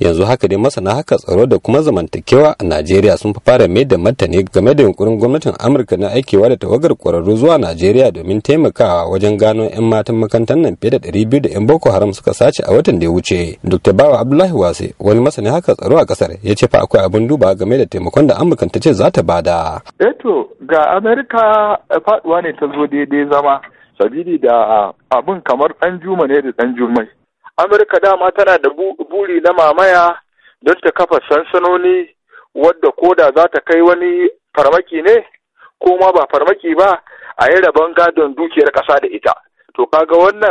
yanzu haka dai masana haka tsaro da kuma zamantakewa a najeriya sun fara mai da martani game da yunkurin gwamnatin amurka na aikewa da tawagar kwararru zuwa najeriya domin taimakawa wajen gano 'yan matan makarantar nan fiye da ɗari biyu da 'yan boko haram suka sace a watan da ya wuce dr bawa abdullahi wase wani masani haka tsaro a kasar ya ce fa akwai abin duba game da taimakon da amurka ta ce za ta bada. eto eh ga amerika eh, faduwa ne ta zo daidai zama sabili da ah, abin kamar Ɗan juma ne da Ɗan jumai amurka dama tana da buri na mamaya don ta kafa sansanoni wadda koda za ta kai wani farmaki ne ko ma ba farmaki ba a yi rabon gadon dukiyar ƙasa da ita to kaga wannan